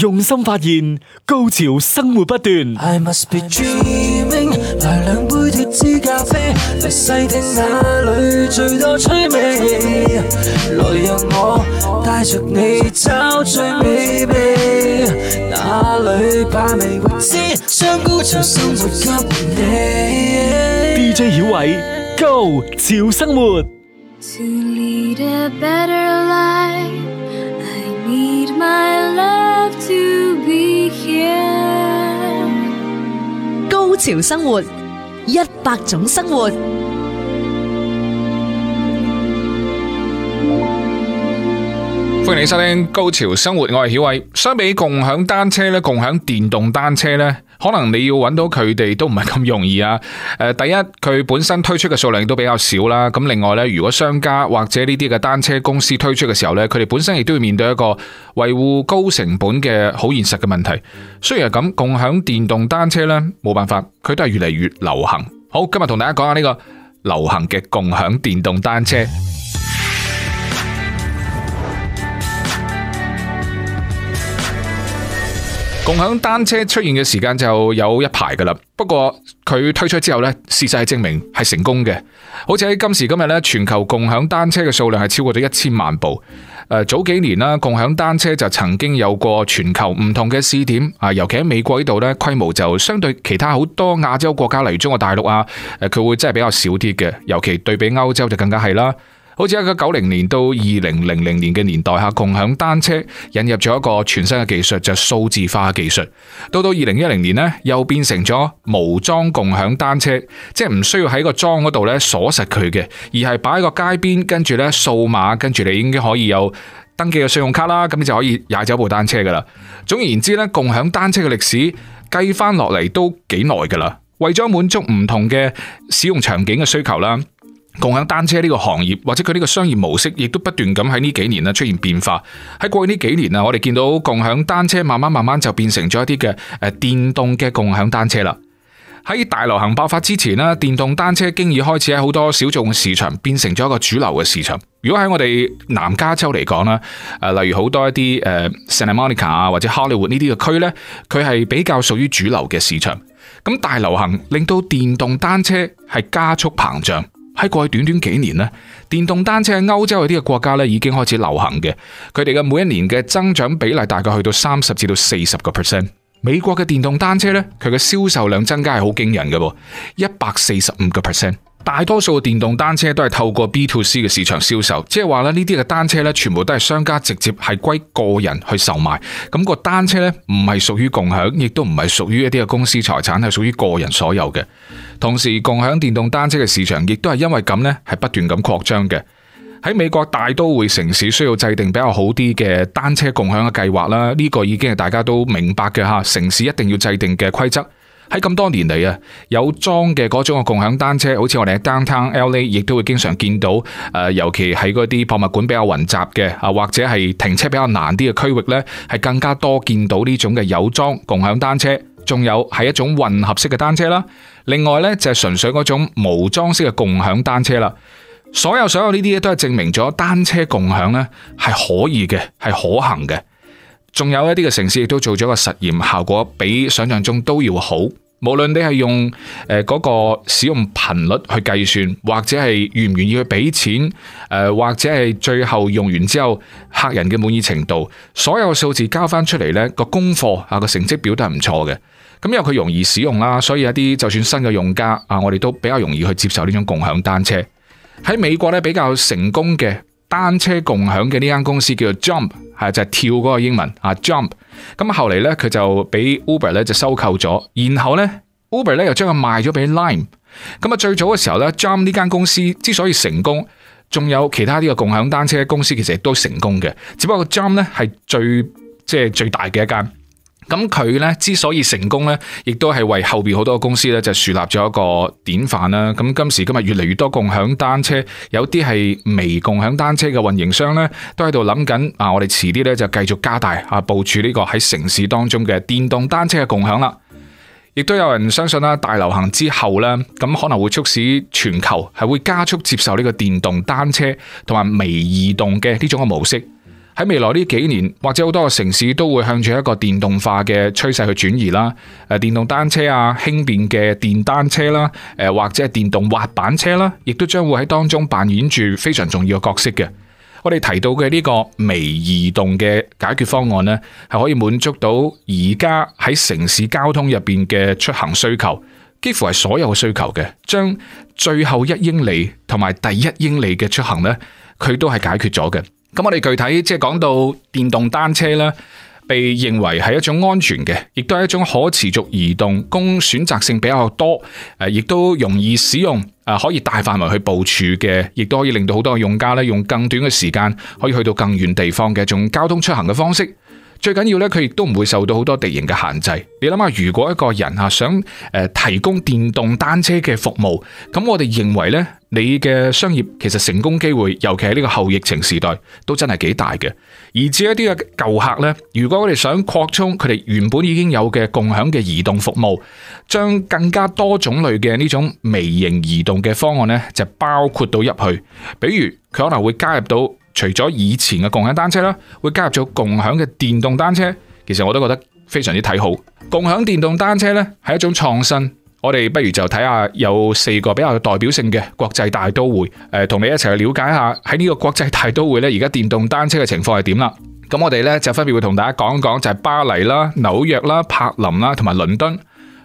用心發現，高潮生活不斷。來兩杯脫脂咖啡，來細聽那裏最多趣味。來讓我帶着你找最美秘，哪裏把味先將高潮生活給你。DJ 曉偉，高潮生活。潮生活，一百種生活。歡迎你收聽《高潮生活》，我係曉偉。相比共享單車咧，共享電動單車咧。可能你要揾到佢哋都唔係咁容易啊！第一佢本身推出嘅數量都比較少啦。咁另外咧，如果商家或者呢啲嘅單車公司推出嘅時候咧，佢哋本身亦都要面對一個維護高成本嘅好現實嘅問題。雖然係咁，共享電動單車咧冇辦法，佢都係越嚟越流行。好，今日同大家講下呢個流行嘅共享電動單車。共享單車出現嘅時間就有一排噶啦，不過佢推出之後呢，事實係證明係成功嘅。好似喺今時今日呢，全球共享單車嘅數量係超過咗一千萬部。早幾年啦，共享單車就曾經有過全球唔同嘅試點啊，尤其喺美國呢度呢，規模就相對其他好多亞洲國家，例如中國大陸啊，佢會真係比較少啲嘅，尤其對比歐洲就更加係啦。好似一九九零年到二零零零年嘅年代下，共享單車引入咗一個全新嘅技術，就係數字化技術。到到二零一零年呢又變成咗無樁共享單車，即係唔需要喺個樁嗰度呢鎖實佢嘅，而係擺喺個街邊，跟住呢掃碼，跟住你已經可以有登記嘅信用卡啦，咁你就可以踩走部單車噶啦。總言之呢，共享單車嘅歷史計翻落嚟都幾耐噶啦，為咗滿足唔同嘅使用場景嘅需求啦。共享單車呢個行業或者佢呢個商業模式，亦都不斷咁喺呢幾年啦出現變化。喺過去呢幾年啊，我哋見到共享單車慢慢慢慢就變成咗一啲嘅誒電動嘅共享單車啦。喺大流行爆發之前呢電動單車經已開始喺好多小眾市場變成咗一個主流嘅市場。如果喺我哋南加州嚟講啦，誒、呃，例如好多一啲誒 Santa Monica 啊或者 Hollywood 呢啲嘅區呢佢係比較屬於主流嘅市場。咁大流行令到電動單車係加速膨脹。喺過去短短幾年呢，電動單車喺歐洲有啲國家咧已經開始流行嘅。佢哋嘅每一年嘅增長比例大概去到三十至到四十個 percent。美國嘅電動單車咧，佢嘅銷售量增加係好驚人嘅，一百四十五個 percent。大多數嘅電動單車都係透過 B to C 嘅市場銷售，即係話咧，呢啲嘅單車咧全部都係商家直接係歸個人去售賣。咁個單車咧唔係屬於共享，亦都唔係屬於一啲嘅公司財產，係屬於個人所有嘅。同時，共享電動單車嘅市場亦都係因為咁呢，係不斷咁擴張嘅。喺美國大都會城市需要制定比較好啲嘅單車共享嘅計劃啦，呢個已經係大家都明白嘅吓。城市一定要制定嘅規則。喺咁多年嚟啊，有裝嘅嗰種嘅共享單車，好似我哋喺 Downtown LA 亦都會經常見到。誒、呃，尤其喺嗰啲博物館比較混雜嘅啊，或者係停車比較難啲嘅區域呢，係更加多見到呢種嘅有裝共享單車，仲有係一種混合式嘅單車啦。另外咧，就係純粹嗰種無樁式嘅共享單車啦，所有所有呢啲嘢，都係證明咗單車共享咧，係可以嘅，係可行嘅。仲有一啲嘅城市亦都做咗個實驗，效果比想象中都要好。無論你係用誒嗰個使用頻率去計算，或者係願唔願意去俾錢，誒或者係最後用完之後客人嘅滿意程度，所有數字交翻出嚟呢個功課啊，個成績表都係唔錯嘅。咁因為佢容易使用啦，所以一啲就算新嘅用家啊，我哋都比較容易去接受呢種共享單車。喺美國呢，比較成功嘅單車共享嘅呢間公司叫做 Jump，係就係跳嗰個英文啊 Jump。咁啊，後嚟咧佢就俾 Uber 咧就收購咗，然後咧 Uber 咧又將佢賣咗俾 Lime。咁啊，最早嘅時候咧 Jump 呢間公司之所以成功，仲有其他啲個共享單車公司其實都成功嘅，只不過 Jump 咧係最即係、就是、最大嘅一間。咁佢咧之所以成功咧，亦都係為後邊好多公司咧就樹立咗一個典範啦。咁今時今日越嚟越多共享單車，有啲係微共享單車嘅運營商咧，都喺度諗緊啊！我哋遲啲咧就繼續加大啊部署呢個喺城市當中嘅電動單車嘅共享啦。亦都有人相信啦，大流行之後咧，咁可能會促使全球係會加速接受呢個電動單車同埋微移動嘅呢種嘅模式。喺未來呢幾年，或者好多個城市都會向住一個電動化嘅趨勢去轉移啦。誒，電動單車啊，輕便嘅電單車啦，誒，或者係電動滑板車啦，亦都將會喺當中扮演住非常重要嘅角色嘅。我哋提到嘅呢個微移動嘅解決方案呢，係可以滿足到而家喺城市交通入邊嘅出行需求，幾乎係所有嘅需求嘅。將最後一英里同埋第一英里嘅出行呢，佢都係解決咗嘅。咁我哋具體即係講到電動單車啦，被認為係一種安全嘅，亦都係一種可持續移動、供選擇性比較多，誒，亦都容易使用，誒，可以大範圍去部署嘅，亦都可以令到好多用家咧，用更短嘅時間可以去到更遠地方嘅一種交通出行嘅方式。最緊要咧，佢亦都唔會受到好多地形嘅限制。你諗下，如果一個人啊想誒提供電動單車嘅服務，咁我哋認為咧，你嘅商業其實成功機會，尤其係呢個後疫情時代，都真係幾大嘅。而至於一啲嘅舊客咧，如果佢哋想擴充佢哋原本已經有嘅共享嘅移動服務，將更加多種類嘅呢種微型移動嘅方案咧，就包括到入去。比如佢可能會加入到。除咗以前嘅共享單車啦，會加入咗共享嘅電動單車，其實我都覺得非常之睇好。共享電動單車呢係一種創新，我哋不如就睇下有四個比較有代表性嘅國際大都會，誒、呃、同你一齊去了解下喺呢個國際大都會呢而家電動單車嘅情況係點啦。咁我哋呢就分別會同大家講一講，就係巴黎啦、紐約啦、柏林啦同埋倫敦。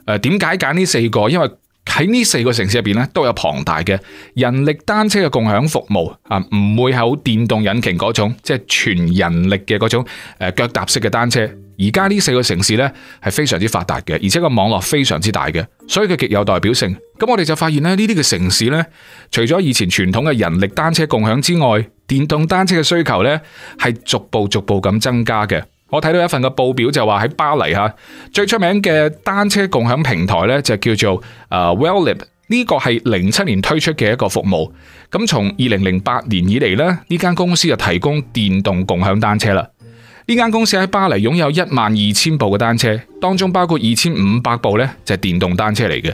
誒，點解揀呢四個？因為喺呢四個城市入邊咧，都有龐大嘅人力單車嘅共享服務啊，唔會係好電動引擎嗰種，即係全人力嘅嗰種誒腳踏式嘅單車。而家呢四個城市呢，係非常之發達嘅，而且個網絡非常之大嘅，所以佢極有代表性。咁我哋就發現咧，呢啲嘅城市呢，除咗以前傳統嘅人力單車共享之外，電動單車嘅需求呢，係逐步逐步咁增加嘅。我睇到一份嘅報表就話，喺巴黎吓，最出名嘅單車共享平台咧就叫做誒 Wellib，呢個係零七年推出嘅一個服務。咁從二零零八年以嚟咧，呢間公司就提供電動共享單車啦。呢間公司喺巴黎擁有一萬二千部嘅單車，當中包括二千五百部咧就係電動單車嚟嘅。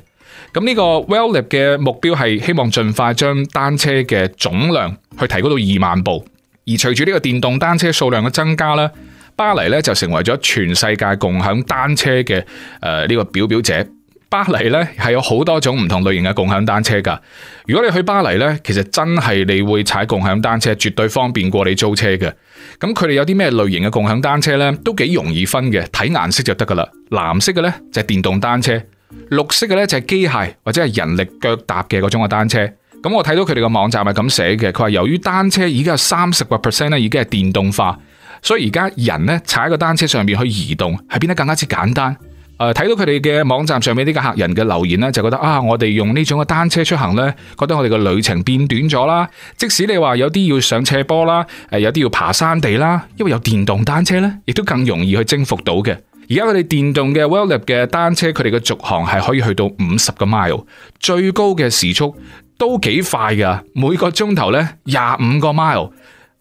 咁呢個 Wellib 嘅目標係希望盡快將單車嘅總量去提高到二萬部，而隨住呢個電動單車數量嘅增加咧。巴黎咧就成為咗全世界共享單車嘅，誒呢個表表者。巴黎咧係有好多種唔同類型嘅共享單車噶。如果你去巴黎咧，其實真係你會踩共享單車絕對方便過你租車嘅。咁佢哋有啲咩類型嘅共享單車咧，都幾容易分嘅，睇顏色就得噶啦。藍色嘅咧就係電動單車，綠色嘅咧就係機械或者係人力腳踏嘅嗰種嘅單車。咁我睇到佢哋個網站係咁寫嘅，佢話由於單車已經有三十個 percent 咧已經係電動化。所以而家人咧踩個單車上面去移動，係變得更加之簡單。誒、呃，睇到佢哋嘅網站上面呢個客人嘅留言咧，就覺得啊，我哋用呢種嘅單車出行咧，覺得我哋嘅旅程變短咗啦。即使你話有啲要上斜坡啦，誒，有啲要爬山地啦，因為有電動單車咧，亦都更容易去征服到嘅。而家佢哋電動嘅 w e l l i p 嘅單車，佢哋嘅續航係可以去到五十個 mile，最高嘅時速都幾快噶，每個鐘頭咧廿五個 mile。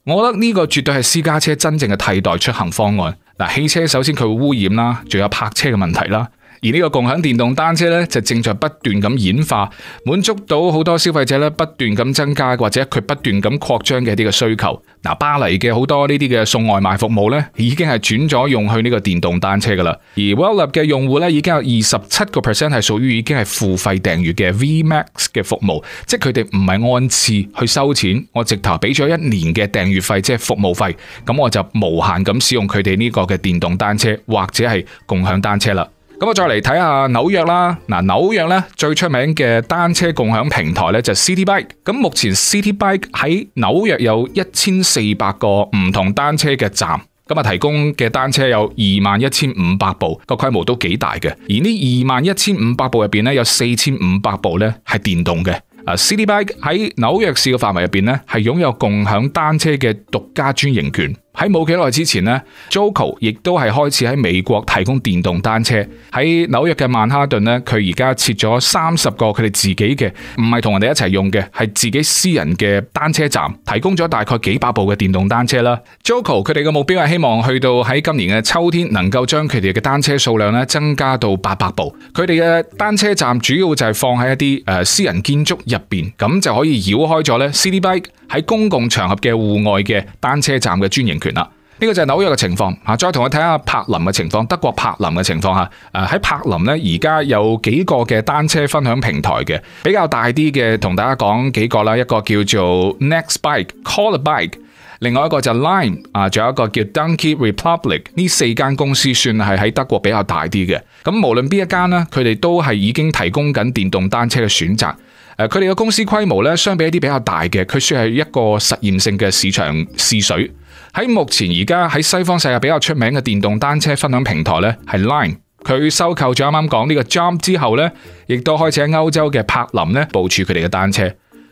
我覺得呢個絕對係私家車真正嘅替代出行方案。嗱，汽車首先佢會污染啦，仲有泊車嘅問題啦。而呢個共享電動單車咧，就正在不斷咁演化，滿足到好多消費者咧不斷咁增加或者佢不斷咁擴張嘅呢個需求。嗱，巴黎嘅好多呢啲嘅送外賣服務咧，已經係轉咗用去呢個電動單車噶啦。而 Wellup 嘅用戶咧，已經有二十七個 percent 係屬於已經係付費訂閱嘅 Vmax 嘅服務，即佢哋唔係按次去收錢，我直頭俾咗一年嘅訂閱費，即係服務費，咁我就無限咁使用佢哋呢個嘅電動單車或者係共享單車啦。咁我再嚟睇下紐約啦，嗱，紐約咧最出名嘅單車共享平台咧就係 City Bike，咁目前 City Bike 喺紐約有一千四百個唔同單車嘅站，咁提供嘅單車有二萬一千五百部，個規模都幾大嘅。而呢二萬一千五百部入邊咧，有四千五百部咧係電動嘅。啊，City Bike 喺紐約市嘅範圍入邊咧，係擁有共享單車嘅獨家專營權。喺冇幾耐之前呢 JOCO 亦都係開始喺美國提供電動單車。喺紐約嘅曼哈頓呢佢而家設咗三十個佢哋自己嘅，唔係同人哋一齊用嘅，係自己私人嘅單車站，提供咗大概幾百部嘅電動單車啦。JOCO 佢哋嘅目標係希望去到喺今年嘅秋天，能夠將佢哋嘅單車數量呢增加到八百部。佢哋嘅單車站主要就係放喺一啲誒私人建築入邊，咁就可以繞開咗呢。Citi Bike。喺公共場合嘅戶外嘅單車站嘅專營權啦，呢、這個就係紐約嘅情況嚇。再同我睇下柏林嘅情況，德國柏林嘅情況嚇。誒、啊、喺柏林呢，而家有幾個嘅單車分享平台嘅，比較大啲嘅，同大家講幾個啦。一個叫做 Nextbike、Call a Bike，另外一個就 Lime 啊，仲有一個叫 Donkey Republic。呢四間公司算係喺德國比較大啲嘅。咁、啊、無論邊一間呢，佢哋都係已經提供緊電動單車嘅選擇。佢哋嘅公司規模咧，相比一啲比較大嘅，佢算係一個實驗性嘅市場試水。喺目前而家喺西方世界比較出名嘅電動單車分享平台咧，係 Line。佢收購咗啱啱講呢個 Jump 之後咧，亦都開始喺歐洲嘅柏林咧部署佢哋嘅單車。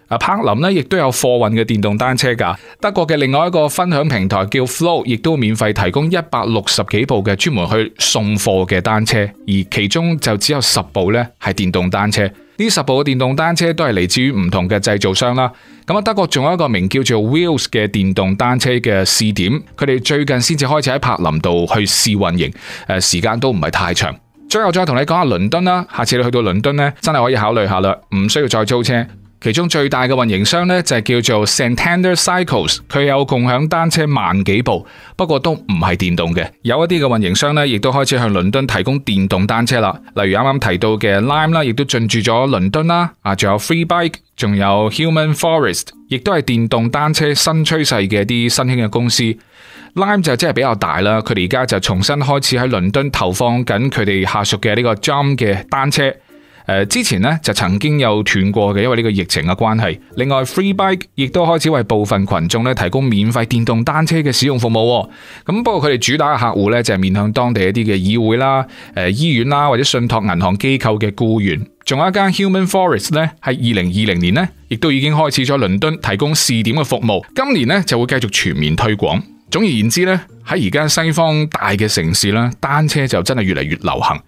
柏林咧亦都有貨運嘅電動單車㗎。德國嘅另外一個分享平台叫 Flow，亦都免費提供一百六十幾部嘅專門去送貨嘅單車，而其中就只有十部咧係電動單車。呢十部嘅電動單車都係嚟自於唔同嘅製造商啦。咁啊，德國仲有一個名叫做 Wheels 嘅電動單車嘅試點，佢哋最近先至開始喺柏林度去試運營，誒，時間都唔係太長。最後再同你講下倫敦啦，下次你去到倫敦呢，真係可以考慮下啦，唔需要再租車。其中最大嘅運營商咧就係、是、叫做 Santander Cycles，佢有共享單車萬幾部，不過都唔係電動嘅。有一啲嘅運營商咧，亦都開始向倫敦提供電動單車啦。例如啱啱提到嘅 Lime 啦，亦都進駐咗倫敦啦。啊，仲有 Free Bike，仲有 Human Forest，亦都係電動單車新趨勢嘅啲新興嘅公司。Lime 就真係比較大啦，佢哋而家就重新開始喺倫敦投放緊佢哋下屬嘅呢個 Jump 嘅單車。之前咧就曾經有斷過嘅，因為呢個疫情嘅關係。另外，Free Bike 亦都開始為部分群眾咧提供免費電動單車嘅使用服務。咁、嗯、不過佢哋主打嘅客戶咧就係面向當地一啲嘅議會啦、誒、呃、醫院啦或者信託銀行機構嘅僱員。仲有一間 Human Forest 咧，喺二零二零年咧，亦都已經開始咗倫敦提供試點嘅服務，今年咧就會繼續全面推廣。總而言之咧，喺而家西方大嘅城市啦，單車就真係越嚟越流行。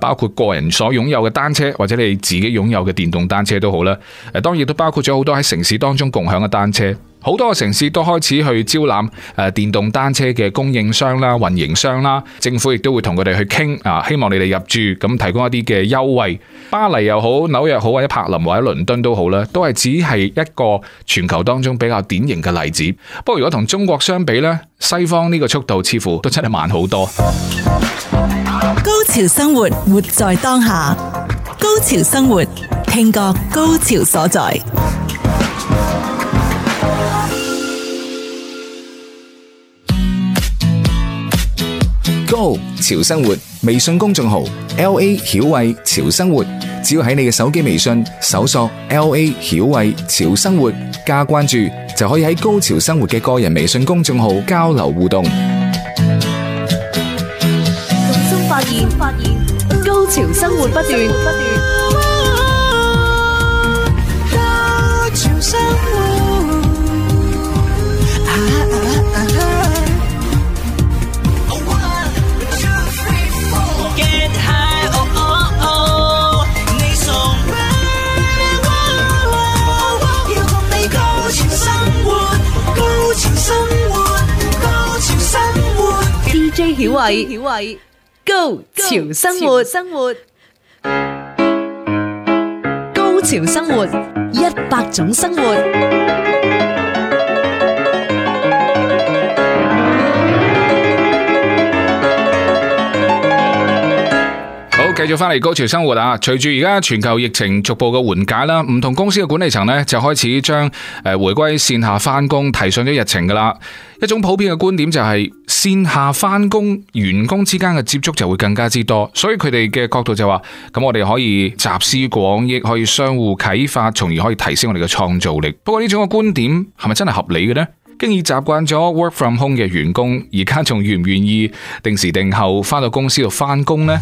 包括個人所擁有嘅單車，或者你自己擁有嘅電動單車都好啦。誒，當然都包括咗好多喺城市當中共享嘅單車。好多城市都開始去招攬誒電動單車嘅供應商啦、運營商啦，政府亦都會同佢哋去傾啊，希望你哋入住，咁提供一啲嘅優惠。巴黎又好，紐約好，或者柏林或者倫敦都好啦，都係只係一個全球當中比較典型嘅例子。不過如果同中國相比呢，西方呢個速度似乎都真係慢好多。高潮生活，活在當下。高潮生活，聽覺高潮所在。高潮生活微信公眾號，LA 曉慧潮生活，只要喺你嘅手機微信搜索 LA 曉慧潮生活加關注，就可以喺高潮生活嘅個人微信公眾號交流互動。新發現，發現，高潮生活不斷。曉慧曉慧，高潮生活，高潮生活，一百種生活。繼續翻嚟《高潮生活》啊！隨住而家全球疫情逐步嘅緩解啦，唔同公司嘅管理層呢，就開始將誒回歸線下翻工提上咗日程噶啦。一種普遍嘅觀點就係線下翻工，員工之間嘅接觸就會更加之多，所以佢哋嘅角度就話咁，我哋可以集思廣益，可以相互啟發，從而可以提升我哋嘅創造力。不過呢種嘅觀點係咪真係合理嘅呢？經已習慣咗 work from home 嘅員工，而家仲願唔願意定時定候翻到公司度翻工呢？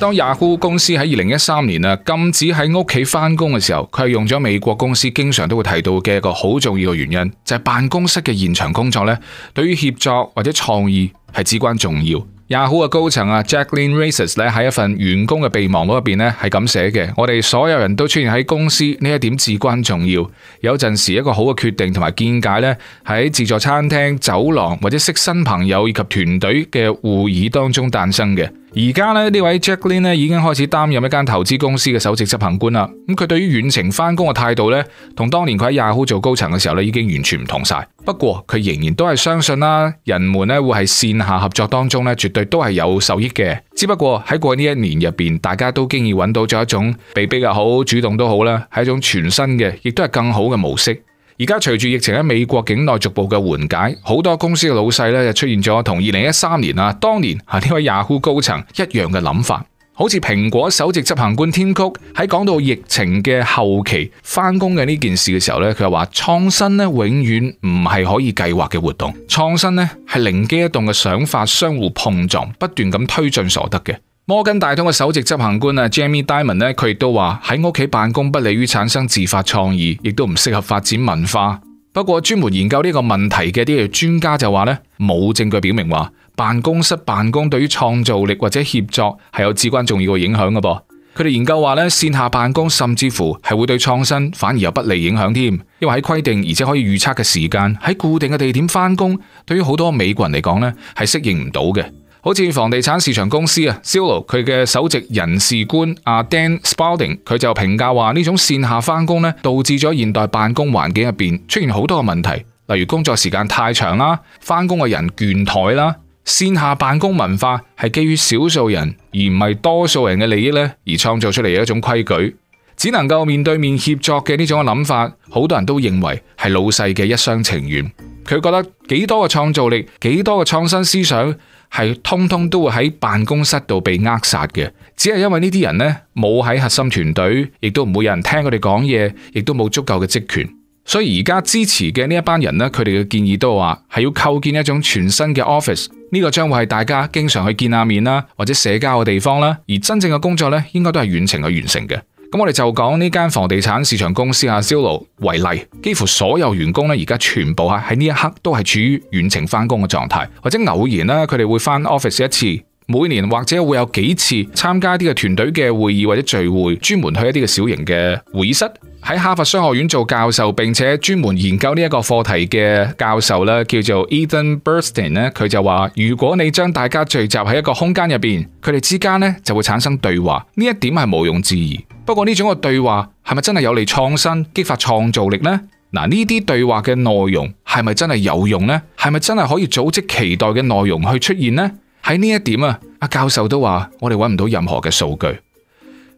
當 Yahoo 公司喺二零一三年啊禁止喺屋企翻工嘅時候，佢係用咗美國公司經常都會提到嘅一個好重要嘅原因，就係辦公室嘅現場工作咧，對於協作或者創意係至關重要。Yahoo 嘅高層啊 Jacqueline Races 咧喺一份員工嘅備忘錄入邊咧係咁寫嘅：我哋所有人都出現喺公司呢一點至關重要。有陣時一個好嘅決定同埋見解咧，喺自助餐廳、走廊或者識新朋友以及團隊嘅會議當中誕生嘅。而家咧呢位 Jacklyn 咧已經開始擔任一間投資公司嘅首席執行官啦。咁佢對於遠程翻工嘅態度呢，同當年佢喺 Yahoo 做高層嘅時候呢，已經完全唔同晒。不過佢仍然都係相信啦，人們咧會喺綫下合作當中呢，絕對都係有受益嘅。只不過喺過去呢一年入邊，大家都經已揾到咗一種被逼又好，主動都好啦，係一種全新嘅，亦都係更好嘅模式。而家隨住疫情喺美國境內逐步嘅緩解，好多公司嘅老細咧，就出現咗同二零一三年啦，當年啊呢位 Yahoo 高層一樣嘅諗法。好似蘋果首席執行官天谷喺講到疫情嘅後期返工嘅呢件事嘅時候咧，佢就話創新呢永遠唔係可以計劃嘅活動，創新呢係靈機一動嘅想法相互碰撞，不斷咁推進所得嘅。摩根大通嘅首席執行官 Jamie Dimon 咧，佢亦都話喺屋企辦公不利於產生自發創意，亦都唔適合發展文化。不過專門研究呢個問題嘅啲專家就話咧，冇證據表明話辦公室辦公對於創造力或者協作係有至關重要嘅影響嘅噃。佢哋研究話呢線下辦公甚至乎係會對創新反而有不利影響添，因為喺規定而且可以預測嘅時間喺固定嘅地點翻工，對於好多美國人嚟講呢係適應唔到嘅。好似房地產市場公司啊，Zillow 佢嘅首席人事官阿 Dan Spaulding，佢就評價話呢種線下翻工咧，導致咗現代辦公環境入邊出現好多嘅問題，例如工作時間太長啦，翻工嘅人倦怠啦。線下辦公文化係基於少數人而唔係多數人嘅利益咧，而創造出嚟嘅一種規矩，只能夠面對面協作嘅呢種諗法，好多人都認為係老細嘅一廂情願。佢覺得幾多嘅創造力，幾多嘅創新思想。係通通都會喺辦公室度被扼殺嘅，只係因為呢啲人呢冇喺核心團隊，亦都唔會有人聽佢哋講嘢，亦都冇足夠嘅職權。所以而家支持嘅呢一班人呢，佢哋嘅建議都話係要構建一種全新嘅 office，呢個將會係大家經常去見下面啦，或者社交嘅地方啦。而真正嘅工作呢，應該都係遠程去完成嘅。咁我哋就講呢間房地產市場公司啊 Zillow 為例，幾乎所有員工咧而家全部吓喺呢一刻都係處於遠程翻工嘅狀態，或者偶然啦，佢哋會翻 office 一次，每年或者會有幾次參加啲嘅團隊嘅會議或者聚會，專門去一啲嘅小型嘅會議室。喺哈佛商學院做教授，並且專門研究呢一個課題嘅教授咧，叫做 Ethan Bernstein 咧，佢就話：如果你將大家聚集喺一個空間入邊，佢哋之間咧就會產生對話，呢一點係毋庸置疑。不過呢種嘅對話係咪真係有利創新、激發創造力呢？嗱，呢啲對話嘅內容係咪真係有用呢？係咪真係可以組織期待嘅內容去出現呢？喺呢一點啊，阿教授都話我哋搵唔到任何嘅數據。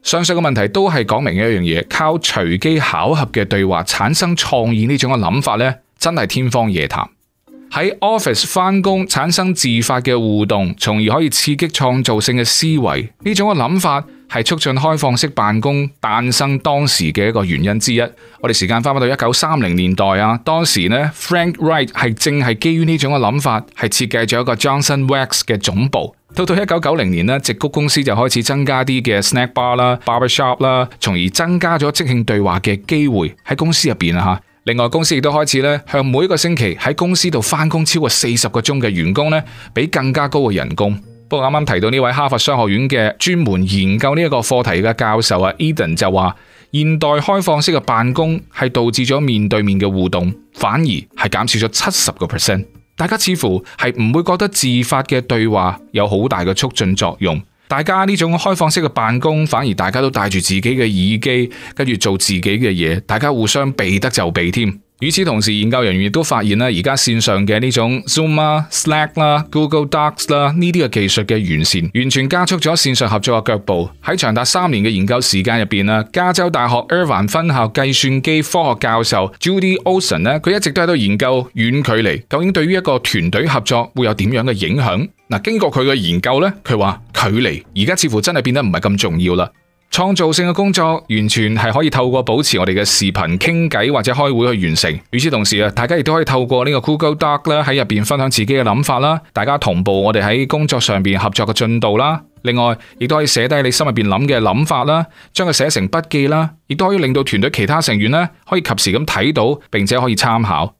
上述嘅問題都係講明一樣嘢，靠隨機巧合嘅對話產生創意呢種嘅諗法呢，真係天方夜譚。喺 office 翻工產生自發嘅互動，從而可以刺激創造性嘅思維呢種嘅諗法。係促進開放式辦公誕生當時嘅一個原因之一。我哋時間翻返到一九三零年代啊，當時呢 Frank Wright 係正係基於呢種嘅諗法，係設計咗一個 Johnson Wax 嘅總部。到到一九九零年呢，直谷公司就開始增加啲嘅 snack bar 啦、barber shop 啦，從而增加咗即興對話嘅機會喺公司入邊啊吓。另外，公司亦都開始咧向每一個星期喺公司度翻工超過四十個鐘嘅員工咧，俾更加高嘅人工。不過啱啱提到呢位哈佛商學院嘅專門研究呢一個課題嘅教授啊、e、，Eden 就話：現代開放式嘅辦公係導致咗面對面嘅互動，反而係減少咗七十個 percent。大家似乎係唔會覺得自發嘅對話有好大嘅促進作用。大家呢種開放式嘅辦公，反而大家都帶住自己嘅耳機，跟住做自己嘅嘢，大家互相避得就避添。與此同時，研究人員亦都發現咧，而家線上嘅呢種 Zoom Slack 啦、Google Docs 啦呢啲嘅技術嘅完善，完全加速咗線上合作嘅腳步。喺長達三年嘅研究時間入邊啊，加州大學爾灣分校計算機科學教授 Judy Olson 咧，佢一直都喺度研究遠距離究竟對於一個團隊合作會有點樣嘅影響。嗱，經過佢嘅研究咧，佢話距離而家似乎真係變得唔係咁重要啦。創造性嘅工作完全係可以透過保持我哋嘅視頻傾偈或者開會去完成。與此同時啊，大家亦都可以透過呢個 Google Doc 啦，喺入邊分享自己嘅諗法啦，大家同步我哋喺工作上邊合作嘅進度啦。另外，亦都可以寫低你心入邊諗嘅諗法啦，將佢寫成筆記啦，亦都可以令到團隊其他成員呢可以及時咁睇到，並且可以參考。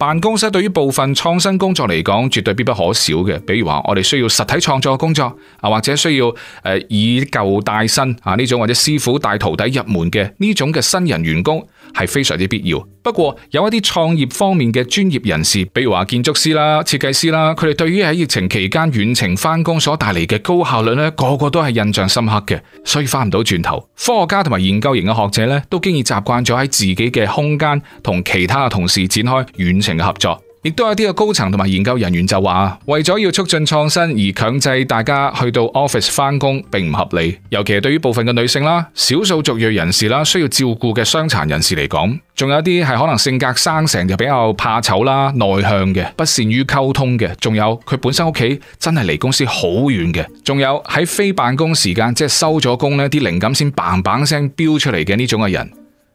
辦公室對於部分創新工作嚟講，絕對必不可少嘅。比如話，我哋需要實體創作嘅工作，啊或者需要誒以舊帶新啊呢種或者師傅帶徒弟入門嘅呢種嘅新人員工，係非常之必要，不過有一啲創業方面嘅專業人士，比如話建築師啦、設計師啦，佢哋對於喺疫情期間遠程返工所帶嚟嘅高效率咧，個個都係印象深刻嘅，所以返唔到轉頭。科學家同埋研究型嘅學者呢，都經已習慣咗喺自己嘅空間同其他同事展開遠程嘅合作。亦都有啲嘅高層同埋研究人員就話，為咗要促進創新而強制大家去到 office 翻工，並唔合理。尤其係對於部分嘅女性啦、少數族裔人士啦、需要照顧嘅傷殘人士嚟講，仲有一啲係可能性格生成就比較怕醜啦、內向嘅、不善於溝通嘅，仲有佢本身屋企真係離公司好遠嘅，仲有喺非辦公時間即係收咗工咧，啲靈感先 b a 聲飆出嚟嘅呢種嘅人。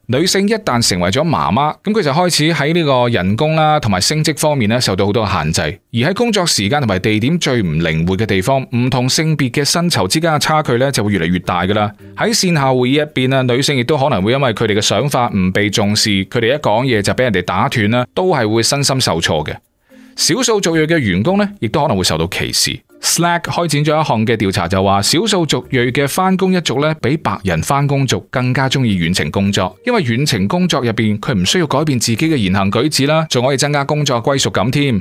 女性一旦成為咗媽媽，咁佢就開始喺呢個人工啦，同埋升職方面咧，受到好多限制。而喺工作時間同埋地點最唔靈活嘅地方，唔同性別嘅薪酬之間嘅差距咧，就會越嚟越大噶啦。喺線下會議入邊啊，女性亦都可能會因為佢哋嘅想法唔被重視，佢哋一講嘢就俾人哋打斷啦，都係會身心受挫嘅。少數族裔嘅員工呢，亦都可能會受到歧視。Slack 開展咗一項嘅調查就，就話少數族裔嘅返工一族比白人返工族更加鍾意遠程工作，因為遠程工作入面，佢唔需要改變自己嘅言行舉止啦，仲可以增加工作歸屬感添。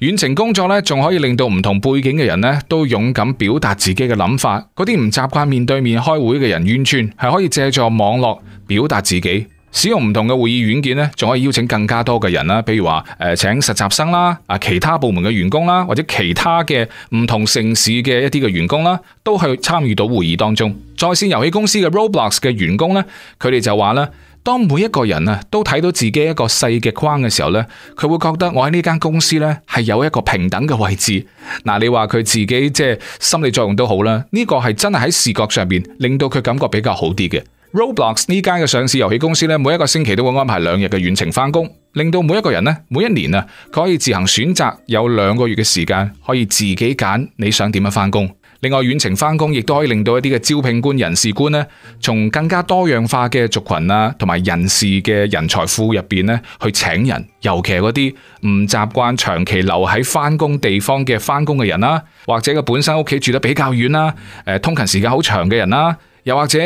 遠程工作咧，仲可以令到唔同背景嘅人咧都勇敢表達自己嘅諗法，嗰啲唔習慣面對面開會嘅人完全係可以借助網絡表達自己。使用唔同嘅會議軟件呢，仲可以邀請更加多嘅人啦，比如話誒、呃、請實習生啦，啊其他部門嘅員工啦，或者其他嘅唔同城市嘅一啲嘅員工啦，都去參與到會議當中。在綫遊戲公司嘅 Roblox 嘅員工呢，佢哋就話啦，當每一個人啊都睇到自己一個細嘅框嘅時候呢，佢會覺得我喺呢間公司呢係有一個平等嘅位置。嗱、呃，你話佢自己即係、呃、心理作用都好啦，呢、呢個係真係喺視覺上面令到佢感覺比較好啲嘅。Roblox 呢間嘅上市遊戲公司咧，每一個星期都會安排兩日嘅遠程翻工，令到每一個人呢，每一年啊，佢可以自行選擇有兩個月嘅時間可以自己揀你想點樣翻工。另外，遠程翻工亦都可以令到一啲嘅招聘官，人士官、人事官呢，從更加多樣化嘅族群啊，同埋人事嘅人才庫入邊呢，去請人，尤其係嗰啲唔習慣長期留喺翻工地方嘅翻工嘅人啦，或者佢本身屋企住得比較遠啦，誒，通勤時間好長嘅人啦，又或者。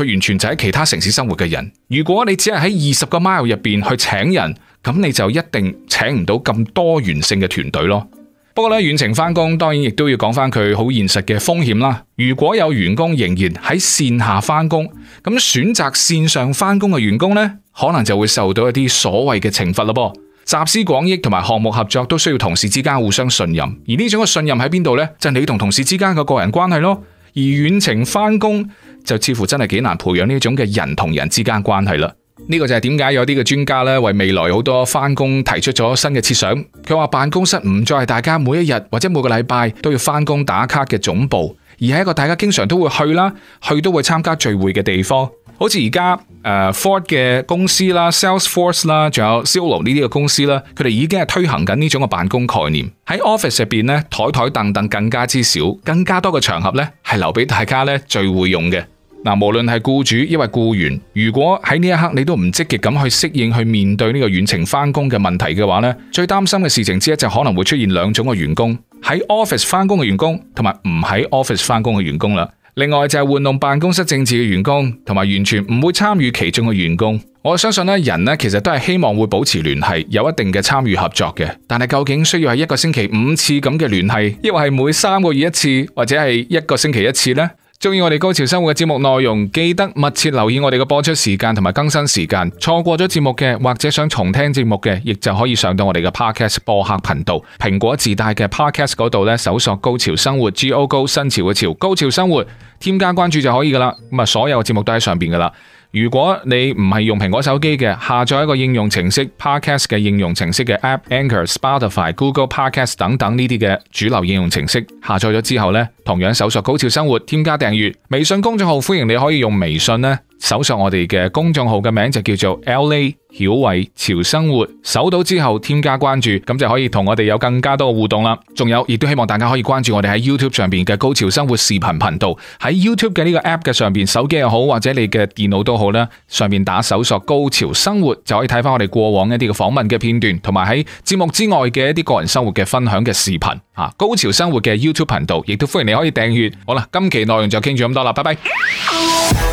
佢完全就喺其他城市生活嘅人。如果你只係喺二十個 mile 入邊去請人，咁你就一定請唔到咁多元性嘅團隊咯。不過咧，遠程翻工當然亦都要講翻佢好現實嘅風險啦。如果有員工仍然喺線下翻工，咁選擇線上翻工嘅員工咧，可能就會受到一啲所謂嘅懲罰咯。噃，集思廣益同埋項目合作都需要同事之間互相信任，而呢種嘅信任喺邊度咧？就係你同同事之間嘅個人關係咯。而遠程翻工就似乎真係幾難培養呢種嘅人同人之間關係啦。呢個就係點解有啲嘅專家咧，為未來好多翻工提出咗新嘅設想。佢話辦公室唔再係大家每一日或者每個禮拜都要翻工打卡嘅總部，而係一個大家經常都會去啦，去都會參加聚會嘅地方。好似而家誒 Ford 嘅公司啦、Salesforce 啦、仲有 Zillow 呢啲嘅公司啦，佢哋已經係推行緊呢種嘅辦公概念。喺 office 入邊咧，台台凳凳更加之少，更加多嘅場合咧係留俾大家咧聚會用嘅。嗱，無論係僱主抑或僱員，如果喺呢一刻你都唔積極咁去適應去面對呢個遠程翻工嘅問題嘅話咧，最擔心嘅事情之一就可能會出現兩種嘅員工：喺 office 翻工嘅員工同埋唔喺 office 翻工嘅員工啦。另外就係玩弄辦公室政治嘅員工，同埋完全唔會參與其中嘅員工，我相信呢，人呢其實都係希望會保持聯繫，有一定嘅參與合作嘅。但係究竟需要係一個星期五次咁嘅聯繫，抑或係每三個月一次，或者係一個星期一次呢？中意我哋高潮生活嘅節目內容，記得密切留意我哋嘅播出時間同埋更新時間。錯過咗節目嘅，或者想重聽節目嘅，亦就可以上到我哋嘅 Podcast 播客頻道，蘋果自帶嘅 Podcast 嗰度咧，搜索“高潮生活 ”，G O G O 新潮嘅潮，高潮生活，添加關注就可以噶啦。咁啊，所有節目都喺上邊噶啦。如果你唔係用蘋果手機嘅，下載一個應用程式，Podcast 嘅應用程式嘅 App Anchor、Spotify、Google Podcast 等等呢啲嘅主流應用程式，下載咗之後呢，同樣搜索高潮生活，添加訂閱。微信公眾號歡迎你可以用微信咧。搜索我哋嘅公眾號嘅名就叫做 LA 曉慧潮生活，搜到之後添加關注，咁就可以同我哋有更加多嘅互動啦。仲有，亦都希望大家可以關注我哋喺 YouTube 上邊嘅高潮生活視頻頻道，喺 YouTube 嘅呢個 App 嘅上邊，手機又好或者你嘅電腦都好啦，上面打搜索高潮生活就可以睇翻我哋過往一啲嘅訪問嘅片段，同埋喺節目之外嘅一啲個人生活嘅分享嘅視頻。吓、啊，高潮生活嘅 YouTube 頻道亦都歡迎你可以訂閱。好啦，今期內容就傾住咁多啦，拜拜。